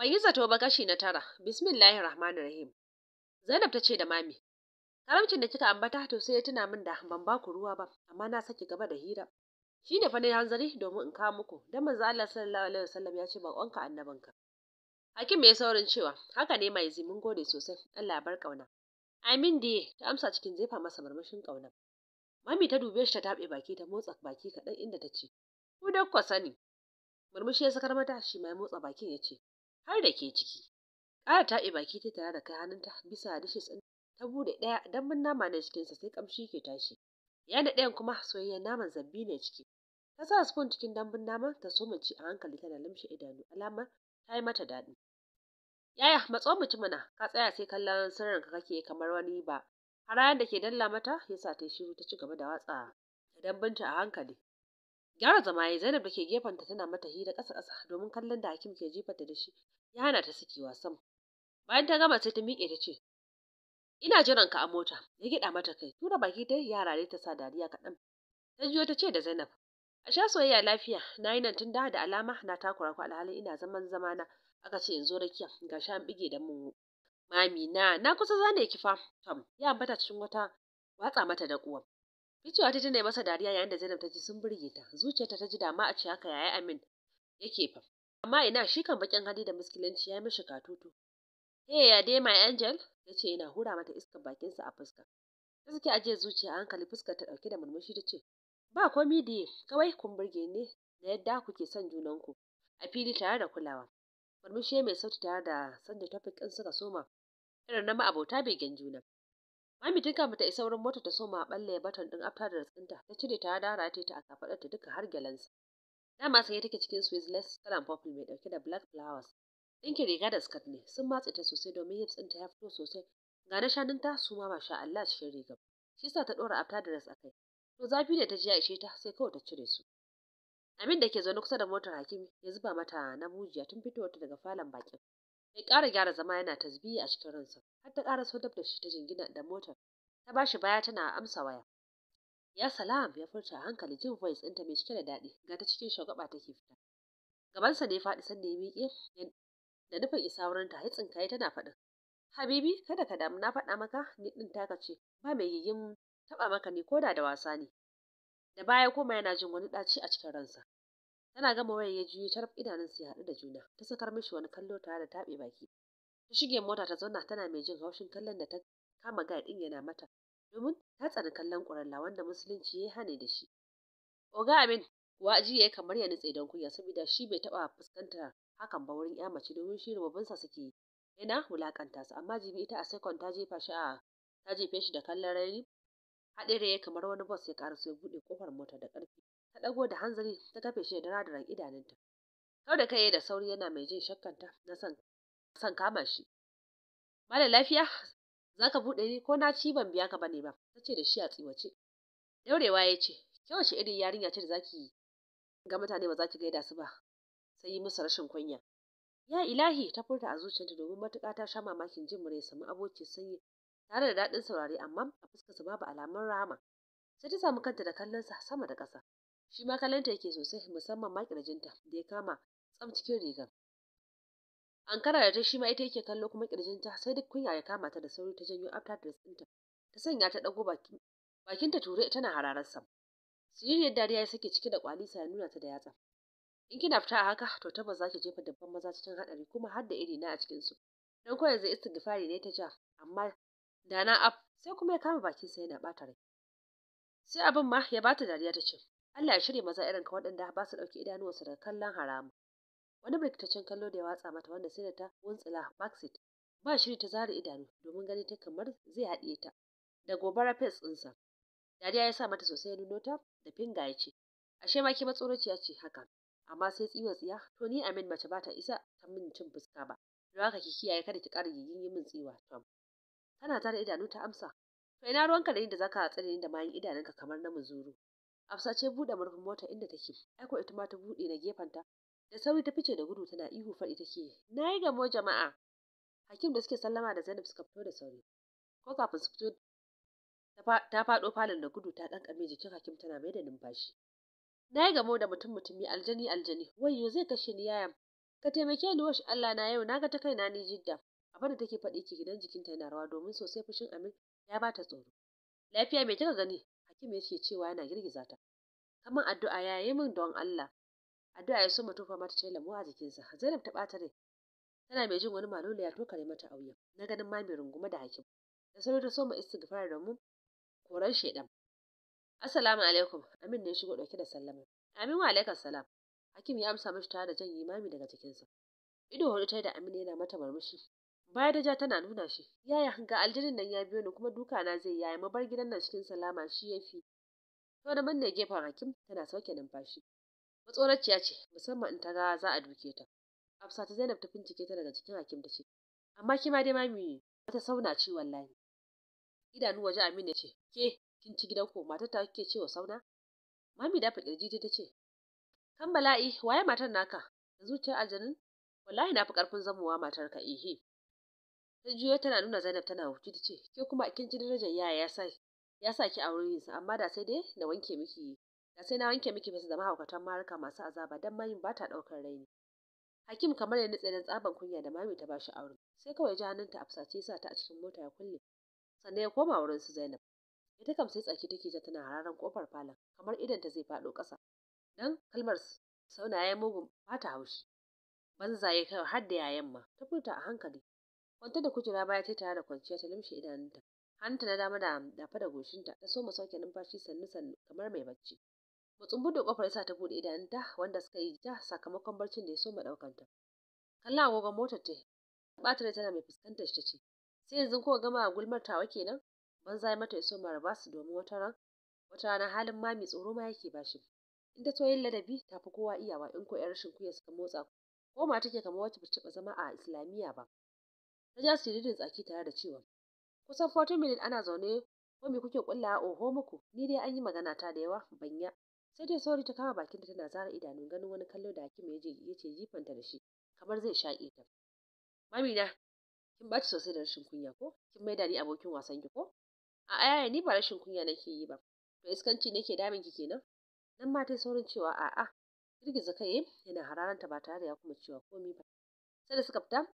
Ban yi zato ba kashi na tara. Bismillahir Rahmanir Rahim. Zainab ta ce da mami, Karamcin da kika ambata to sai ya tuna min da ban ba ku ruwa ba, amma na saki gaba da hira. Shi ne fa hanzari domin in kawo muku, don manzo Allah sallallahu alaihi wasallam ya ce bakonka annabinka. Hakim mai saurin cewa, haka ne mai zimin gode sosai, Allah ya bar kauna. Amin diye ta amsa cikin zefa masa murmushin ƙauna Mami ta dube shi ta taɓe baki ta motsa baki kaɗan inda ta ce, ku da sani. Murmushi ya sakar mata shi mai motsa bakin ya ce, har da ke ciki ƙara taɓe baki ta tare da kai hannunta bisa dishes ɗin ta buɗe ɗaya dambun nama ne cikinsa sai kamshi ke tashi yana ɗayan kuma soyayyen naman zabbi ne ciki ta sa spoon cikin dambun nama ta soma ci a hankali tana lamshe idanu alamar ta yi mata daɗi yaya matso mutum mana ka tsaya sai kallon sirrin ka kake kamar wani ba harayan da ke dalla mata ya sa ta yi shiru ta ci gaba da watsa da dambunta a hankali gyara zama zainab da ke gefen ta tana mata hira ƙasa ƙasa domin kallon da hakim ke jifata da shi ya hana ta sikewa sam bayan ta gama sai ta miƙe ta ce ina jiran ka a mota ya gida mata kai tura baki ta yara ne ta sa dariya kaɗan ta jiyo ta ce da zainab a sha soyayya lafiya na yi nan tun da da alama na takura ku alhalin ina zaman na aka ce in zo rakiya ga sha an bige da mu. mami na na kusa zane ki fa tom ya ambata cikin wata watsa mata da kuwa Ficewa ta tunai masa dariya yayin da Zainab ta ji sun burge ta. Zuciyarta ta ji dama a ce haka yaya Amin yake fa. Amma ina shi kan bakin hali da muskilanci ya mishi katutu. Hey ya dai my angel yace ce yana hura mata iskar bakin sa a fuska. Ta suke ajiye zuciya a hankali fuskar ta dauke da murmushi ta ce ba komi da kawai kun burge ne da yadda kuke son junanku a fili tare da kulawa. Murmushi mai sauti tare da sanda topic ɗin suka soma irin na ma ma'abota begen juna. Mami tun kafin ta isa wurin mota ta soma balle button din after da ɗinta, ta cire ta dara ta ta a ta duka har gyalansa. Dama sanye take cikin Swiss kalan purple mai dauke da black flowers. Dinkin riga da skirt ne sun matse ta sosai domin hips tsinta ya fito sosai. Ga na shanun su ma masha Allah cikin rigar. Shi sa ta dora after a kai. To zafi ne ta ji a ishe ta sai kawai ta cire su. Amin da ke zaune kusa da motar Hakimi ya zuba mata na bujiya tun fitowarta daga falon bakin. bai ƙara gyara zama yana tasbihi a cikin ransa har ta ƙara sodar da shi ta jingina da motar ta bashi baya tana amsa waya ya salam ya furta a hankali jin voice ɗinta mai cike da daɗi ga ta cikin shagwaba take fita gabansa ne ya faɗi sanda ya miƙe da nufin isa wurin ta ya tsinkaye tana faɗin habibi kada ka damu na faɗa maka ni ɗin taka ce ba mai yiyin taɓa maka ne koda da wasa ne da baya koma yana jin wani ɗaci a cikin ransa tana gama wayar ya juyo tarf su ya haɗu da juna ta sakar mishi wani kallo tare da taɓe baki ta shige mota ta zauna tana mai jin haushin kallon da ta kama gaya ɗin yana mata domin ta tsani kallon ƙuralla wanda musulunci ya hane da shi oga amin kuwa jiya ya kamar ya nutse don kunya saboda shi bai taɓa fuskantar hakan ba wurin ya mace domin shi rububinsa suke yana wulakanta su amma jibi ita a sekon ta jefa shi a ta jefe shi da kallon raini haɗe da ya kamar wani bus ya ƙaraso ya buɗe kofar mota da ƙarfi ta ɗago da hanzari ta tafe shi da radaran idanunta kau da kai da sauri yana mai jin shakkanta na san san kama shi mala lafiya Za ka buɗe ni ko na ci ban biya ka ba ne ba Ta ce da shi a tsiwace daurewa ya ce kyau irin yarinya ce da za zaki ga mutane ba za ki gaida su ba sai yi musu rashin kunya ya ilahi ta furta a zuciyarta domin matuƙa ta sha mamakin jin mure samu abokin sanyi tare da daɗin saurare amma a fuskarsa babu alamun rama sai ta samu kanta da kallonsa sama da ƙasa shi ma kallonta yake sosai musamman ma kirjinta da ya kama tsam cikin rigar ankara da ta shi ma ita yake kallo kuma kirjinta sai duk kunya ya kama ta da sauri ta janyo afta da ɗinta ta sanya ta ɗago bakin bakinta ture tana hararsa siririyar dariya ya sake cike da kwalisa ya nuna ta da yatsa in kina fita a haka to tabbas za ki jefa dabban maza cikin haɗari kuma har da iri na a cikin su dan ko da istighfari ne ta ja amma da na af sai kuma ya kama bakin sa na bata rai sai abin ma ya bata dariya ta ce Allah ya shirya maza irin ka waɗanda ba su ɗauki idanuwansu daga kallon haramu. Wani birkitaccen kallo da ya watsa mata wanda sai da ta wuntsila Maxit ba shiri ta zara idanu domin gani ta kamar zai haɗiye ta da gobara fes ɗinsa. Dariya ya sa mata sosai ya nuno ta da finga ya ce, Ashe ma ke matsoraciya ce haka, amma sai tsiwa tsiya to ni Amin mace ba ta isa ta min cin fuska ba, don haka ki kiyaye kada ki ƙara gigin yi min tsiwa Tom. Tana zara idanu ta amsa, to ina ruwanka da za ka tsare ni da mayan idanunka kamar na muzuru. Hafsa ce buɗe murfin mota inda take. Aiko ita ma ta buɗe na gefenta. Da sauri ta fice da gudu tana ihu faɗi take. Na yi gamo jama'a. Hakim da suke sallama da Zainab suka fito da sauri. Ko kafin su fito ta faɗo falon da gudu ta ɗan jikin Hakim tana mai da numfashi. Na yi gamo da mutum mutumi aljani aljani. Wayyo zai kashe ni yayan. Ka taimake ni wash Allah na yau Na ga ta kaina ni jidda. Abin da take faɗi ke gidan jikinta yana rawa domin sosai fushin Amin ya ba ta tsoro. Lafiya me kika gani? Hakim yake cewa yana girgiza ta. Kaman addu'a ya yi min don Allah. Addu'a ya so mu tufa mata ta lamuwa a jikinsa. Zainab ta ɓata rai. Tana mai jin wani malolo ya tokare mata a wuya. Na ganin ma mai rungume da Hakim. Da sauri ta so soma istighfar da mu koran shedan. Assalamu alaikum. Amin ne shigo dauke da sallama. Amin wa alaikum salam. Hakim ya amsa mashi tare da yi imami daga jikinsa. Ido hudu ta da Aminu yana mata murmushi. Baya da ja tana nuna shi. Yaya hanga aljinin nan ya biyo ni kuma duka na zai yaya mu bar gidan nan cikin salama shi ya fi. To da manne gefen Hakim tana sauke numfashi. Matsoraciya ce musamman in ta ga za a duke ta. Hafsa ta Zainab ta bincike ta daga cikin Hakim ta ce amma kima dai mami wata sauna ci wallahi. Idanu waje Aminu ce ke kin ci gidan ko matar ta kike cewa sauna? Mami da fa kirji ta ce kan bala'i waye matar naka? Da zuciyar aljanin wallahi na fi karfin zamowa matar ka ehe. ta juyo tana nuna Zainab tana huci ta ce ke kuma kin ji darajar yaya ya sa ya sa ki auren yinsa amma da sai dai na wanke miki da sai na wanke miki bisa zama haukatan maruka masu azaba dan mayin ba ta daukar raini Hakim kamar ya nutse dan tsaban kunya da mami ta bashi auren sai kawai ji hannunta a fusace sa ta a cikin mota ya kulle sannan ya koma wurin su Zainab ita kam sai tsaki take ja tana hararan kofar falon kamar idan ta zai faɗo kasa dan kalmar Sauna saunaye mugun bata haushi ya kai har da yayan ma ta furta a hankali Kwanta da kujera baya ta tare da kwanciya ta limshe idanunta. Hannunta na dama da dafa da goshinta ta soma sauke numfashi sannu sannu kamar mai bacci. Mutsun buɗe kofar sa ta buɗe idanunta wanda suka yi ja sakamakon barcin da ya so ma ɗaukanta. Kallon agogon motar ta bata da tana mai fuskantar shi ta ce sai yanzu ko gama gulmar tawa kenan banza ya mata ya soma raba su domin wata ran wata rana halin mami tsoro ma yake bashi. In ta yin ladabi ta fi kowa iyawa in ko 'yar rashin ya suka motsa ko ma take kamar wacce ba ta zama a islamiyya ba. ta ja siririn tsaki tare da cewa kusan 40 minutes ana zaune ko me kuke kulla oho muku ni dai an yi magana ta da yawa banya sai dai sauri ta kama bakinta tana zara idanun ganin wani kallo da hakim yaje yace jifanta da shi kamar zai shaƙe ta mamina kin baci sosai da rashin kunya ko kin maida ni abokin wasan ki ko a aya ni ba rashin kunya nake yi ba to iskanci nake damin ki kenan nan ma tai saurin cewa a'a girgiza kai yana hararanta ba tare da ya kuma cewa komai ba sai da suka fita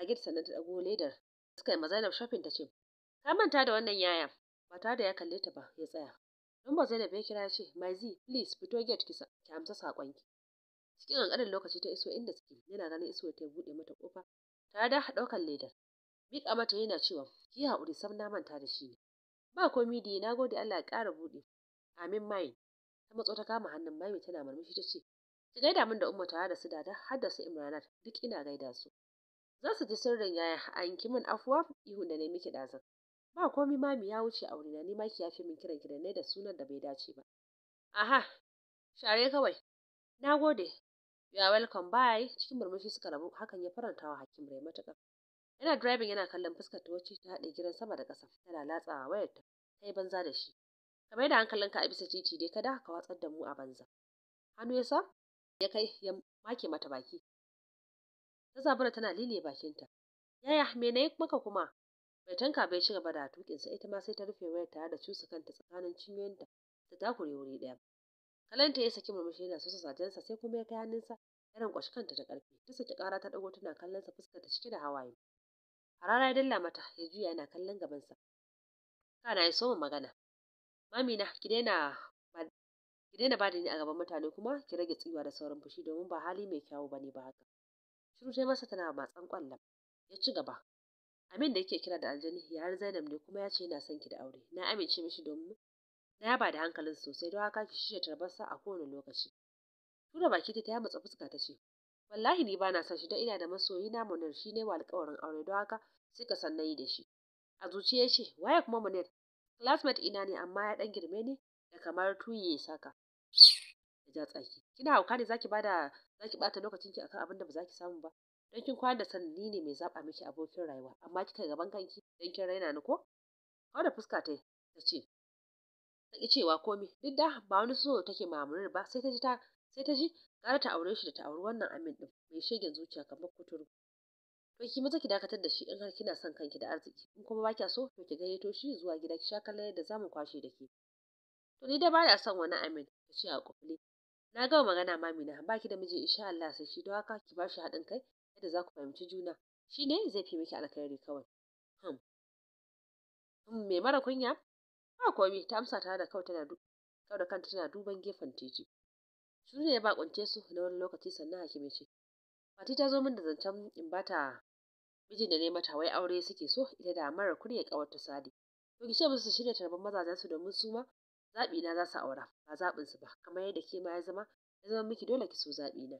Hagit sannan ta ɗago ledar. Suka yi Zainab shopping ta ce, Ka manta da wannan yaya. Ba ta da ya kalle ta ba ya tsaya. Don Zainab ya kira ce, mai zi please fito gate ki amsa saƙonki. Cikin ƙanƙanin lokaci ta iso inda suke, yana ganin iso ta buɗe mata ƙofa Ta da ɗaukar ledar. Miƙa mata yana cewa, Ki haƙuri sam na manta da shi ne. Ba komi da na gode Allah ya ƙara buɗe. Amin mai. Ta matso ta kama hannun Maimi tana murmushi ta ce, Ki gaida min da Umma tare da su dada, har da su Imranat duk ina gaida su. za su ji sirrin yaya a ki min afuwa ihu da nemi miki ɗazun ba komai mami ya wuce aure na nima ki yafe min kiran ki da ne da sunan da bai dace ba aha share kawai na gode you are welcome bye cikin murmushi suka rabu hakan ya faranta wa hakim rai matuƙa yana driving yana kallon fuskar ta wacce ta haɗe gidan sama da ƙasa tana latsawa wayar ta kai banza da shi Ka mai da hankalinka a bisa titi dai kada ka watsar da mu a banza hannu ya sa ya kai ya make mata baki ta zabura tana lile bakinta yaya me na yi maka kuma bai tanka bai ci gaba da tukinsa ita ma sai ta rufe waya tare da cusa kanta tsakanin cinyoyinta ta takure wuri ɗaya kalanta ya saki murmushi yana sa sajensa sai kuma ya kai hannunsa ya kwashi kanta da ƙarfi ta saki ƙara ta ɗago tana kallon sa fuskar ta cike da hawaye harara ya dalla mata ya juya yana kallon gabansa kana ya soma magana mami na ki daina ki daina ba da ni a gaban mutane kuma ki rage tsiwa da sauran fushi domin ba hali mai kyawu bane ba haka shiru ta masa tana matsan kwallon ya ci gaba amin da yake kira da aljani har zainab ne kuma ya ce yana son ki da aure na amince mishi domin na yaba da hankalin sosai don haka ki shirya tarbarsa a kowane lokaci tura baki ta ya matsa fuska ta ce wallahi ni bana son shi don ina da masoyi na munir shi ne wa alƙawarin aure don haka sai ka san nayi da shi a zuciya ce waye kuma munir classmate ina ne amma ya ɗan girme ne da kamar tuyi ya saka ya ja kina hauka ne zaki bada zaki bata lokacin ki akan abin da ba ki samu ba dan kin kwana da sanni ne mai zaba miki abokin rayuwa amma kika gaban kanki dan kin raina ni ko kawai da fuska ta ta ce ta ki cewa komai duk da ba wani so take mamurar ba sai ta ji ta sai ta ji gara ta aure shi da ta auri wannan amin din mai shegen zuciya kamar kuturu to ki maza ki dakatar da shi in har kina son kanki da arziki in kuma ba kya so to ki gayyato shi zuwa gida ki sha kallon yadda zamu kwashe da ke to ni dai ba son wani amin ta ce a kufle Na gama magana mamina, ba ki da miji insha Allah sai shi don haka ki ba shi haɗin kai yadda za ku fahimci juna. Shi ne zai fi miki alkhairi kawai. Hmm. hmm me mara kunya? Ba komai, ta amsa tare da kawai tana kawai da kanta tana duban gefen titi. Shiru ne ya bakunce su na wani lokaci sannan mai ce. Fati ta zo min da zancen in ba mijin da ne mata wai aure suke so ita da mara kunya ta Sadi. To ki ce musu su shirya tarban mazajensu domin su ma zaɓi za su aura ba zaɓin su ba kamar yadda ke ma ya zama ya zama miki dole ki so zaɓi na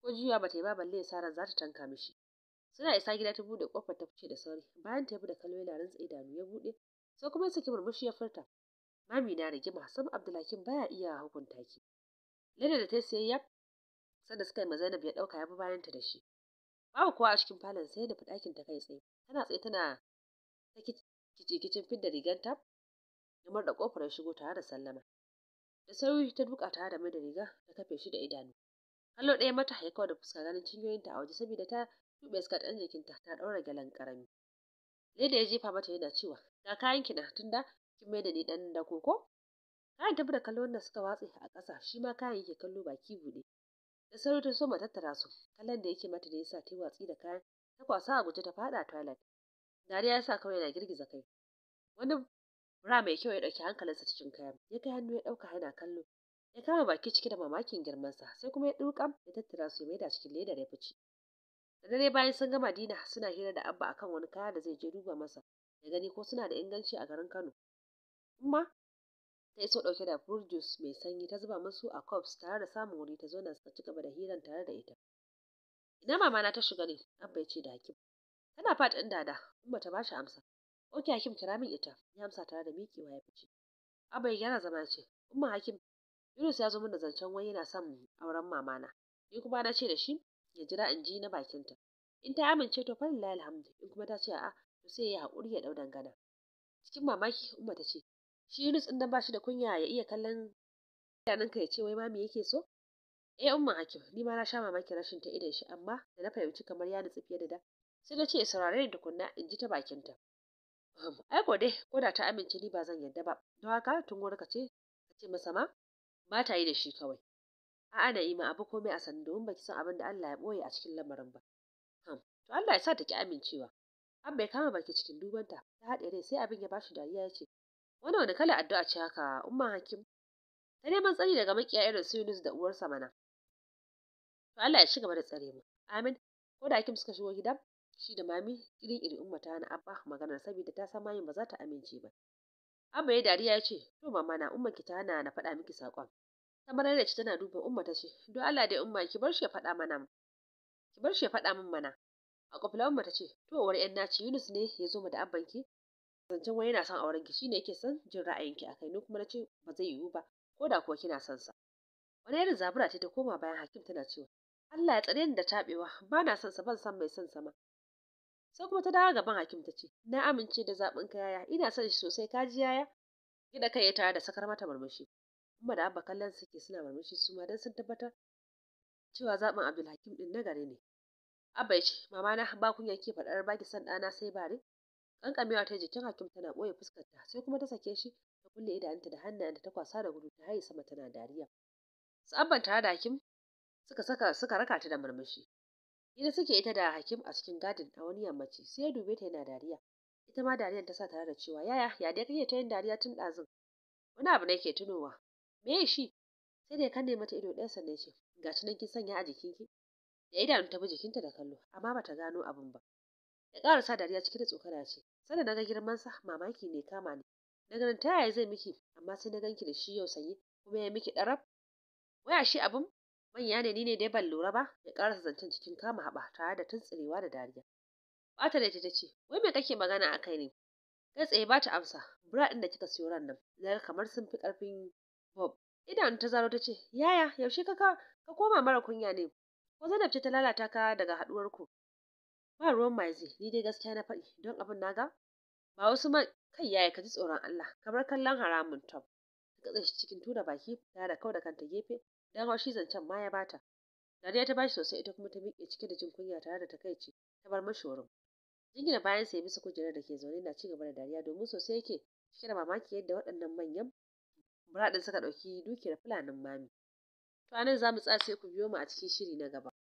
ko juya ba ta yi ba balle saran za ta tanka mishi suna isa gida ta buɗe kofar ta fice da sauri bayan ta da kallo yana rantsa idanu ya buɗe sai kuma ya saki murmushi ya furta mami na rigima sam abdulhakim baya iya hukunta ki leda da ta siya yaf sanda suka yi ma zainab ya ɗauka ya bi bayan ta da shi babu kowa a cikin falon sai da ɗakin ta kai tsaye tana tsaye tana ta kicin fidda riganta ya da kofar ya shigo tare da sallama da sauri ta duka tare da mai da riga ta kafe shi da idanu kallo ɗaya mata ya kawo da fuska ganin cinyoyinta a waje saboda ta tuɓe suka ɗan jikinta ta ɗaura gyalan ƙarami leda ya jefa mata yana cewa ga kayan ki na da kin mai da ni ɗan da koko kayan tafi da kallon da suka watse a ƙasa shi ma kayan yake kallo baki buɗe da sauri ta soma tattara su kallon da yake mata da yasa ta yi watsi da kayan ta kwasa a guje ta faɗa toilet dariya ya sa kawai yana girgiza kai wani Mura mai kyau ya ɗauki hankalinsa cikin kayan. Ya kai hannu ya ɗauka yana kallo. Ya kama baki cike da mamakin girmansa sai kuma ya ɗuƙam ya tattara su ya maida cikin ledar ya fice. Da dare bayan sun gama dina suna hira da Abba akan wani kaya da zai je duba masa ya gani ko suna da inganci a garin Kano. Umma ta iso ɗauke da fruit juice mai sanyi ta zuba musu a cups tare da samun wuri ta zauna suka ci gaba da hiran tare da ita. Ina mama na ta shiga ne Abba ya ce da Hakim. Tana fat ɗin dada Umma ta ba shi amsa. Oke Hakim kira min ita, ya amsa tare da miƙewa ya fice. Abba yana gyara zama ce, Umma Hakim, Yunus ya zo min da zancen wani yana son auren mamana. Ni kuma na ce da shi ya jira in ji na bakinta. In ta amince to layi alhamdu, in kuma ta ce a'a to sai ya haƙuri ya ɗau dangana. Cikin mamaki Umma ta ce, shi Yunus ɗin dan ba shi da kunya ya iya kallon idanunka ya ce wai mami yake so? Eh Umma Hakim, ni ma na sha mamaki rashin ta idon shi amma da na fahimci kamar ya nutsu fiye da da. Sai na ce saurare ni tukunna in ji ta bakinta. ai ko dai ko da ta amince ni ba zan yarda ba don haka tun wuri ka ce ka ce masa ma ba ta yi da shi kawai a'a ma abu komai a sanin domin baki san abin da Allah ya boye a cikin lamarin ba to Allah ya sa ta ki amincewa an bai kama baki cikin dubanta ta haɗe rai sai abin ya bashi dariya ya ce wani wani kala addu'a ce haka umma hakim ta neman tsari daga makiya irin su Yunus da uwarsa mana to Allah ya shiga gaba da tsare mu amin ko da hakim suka shigo gidan shi da mami kiri-kiri umma ta hana abba maganar saboda ta san mamin ba za ta amince ba amma ya dariya ya ce to mama na umma ki ta hana na faɗa miki saƙon kamar da ci tana duba umma ta ce don Allah dai umma ki bar shi ya faɗa mana ki bar shi ya faɗa min mana a kwafila umma ta ce to war yan naci Yunus ne ya zo da abban ki zancen wani yana son auren ki shine yake son jin ra'ayinki akai ni kuma na ce ba zai yiwu ba ko da kuwa kina son sa wani irin zabura ce ta koma bayan hakim tana cewa Allah ya tsare ni da taɓewa ba na son sa ban san mai son sa ma sai kuma ta dawo gaban hakim ta ce na amince da zaɓin ka yaya ina son shi sosai ka ji yaya gida kai ya tare da sakar mata murmushi kuma da abba kallon suke suna murmushi su ma dan sun tabbatar cewa zaɓin abdulhakim ɗin na gare ne abba ya ce mama na ba kunya ke faɗar baki son ɗana sai bare kankamewa ta jikin hakim tana ɓoye fuskarta sai kuma ta sake shi ta kulle idanunta da hannayenta ta kwasa da gudu ta haye sama tana dariya su abban tare da hakim suka saka suka raka ta da murmushi Hira suke ita da Hakim a cikin gadin a wani yammaci, sai ya dube ta yana dariya. Ita ma dariyar ta sa tare da cewa, "Yaya, ya dai kake ta yin dariya tun ɗazun?" "Wani abu nake tunowa." "Me shi?" Sai da ya nemi mata ido ɗaya sannan ce, "Ga nan kin sanya a jikinki." Da idanu ta bi jikinta da kallo, amma bata gano abin ba. Ya ƙara sa dariya cikin da tsokana ce, Sannan na ga girmansa, mamaki ne kama ni. Na ganin ta yaya zai miki, amma sai na ganki da shi yau sanye, kuma ya miki ɗarab." "Waya shi abin manya ne ni ne dai ban lura ba ya ƙarasa zancen cikin kama haɓa tare da tuntsirewa da dariya bata da ta ce wai me kake magana a kai ne kai tsaye ba ta amsa bura ɗin da kika siyo ran nan kamar sun fi ƙarfin bob idan ta zaro ta ce yaya yaushe ka ka koma mara kunya ne ko zainab ce ta lalata ka daga haɗuwar ku ba ruwan maizi, ni dai gaskiya na faɗi don abin na ga ba wasu man kai yaya ka ji tsoron Allah kamar kallon haramun tom ta katse shi cikin tura baki tare da kau da kanta gefe dan shi zancen ma ya bata dariya ta bashi sosai ita kuma ta miƙe cike da jin kunya tare da takaici ta bar mashi wurin jingina bayan sai bisa kujerar da ke zaune na cigaba da dariya domin sosai yake cike da mamaki yadda waɗannan manyan buraɗin suka ɗauki dukiyar fulanin mami to anan za mu tsaya sai ku biyo mu a cikin shiri na gaba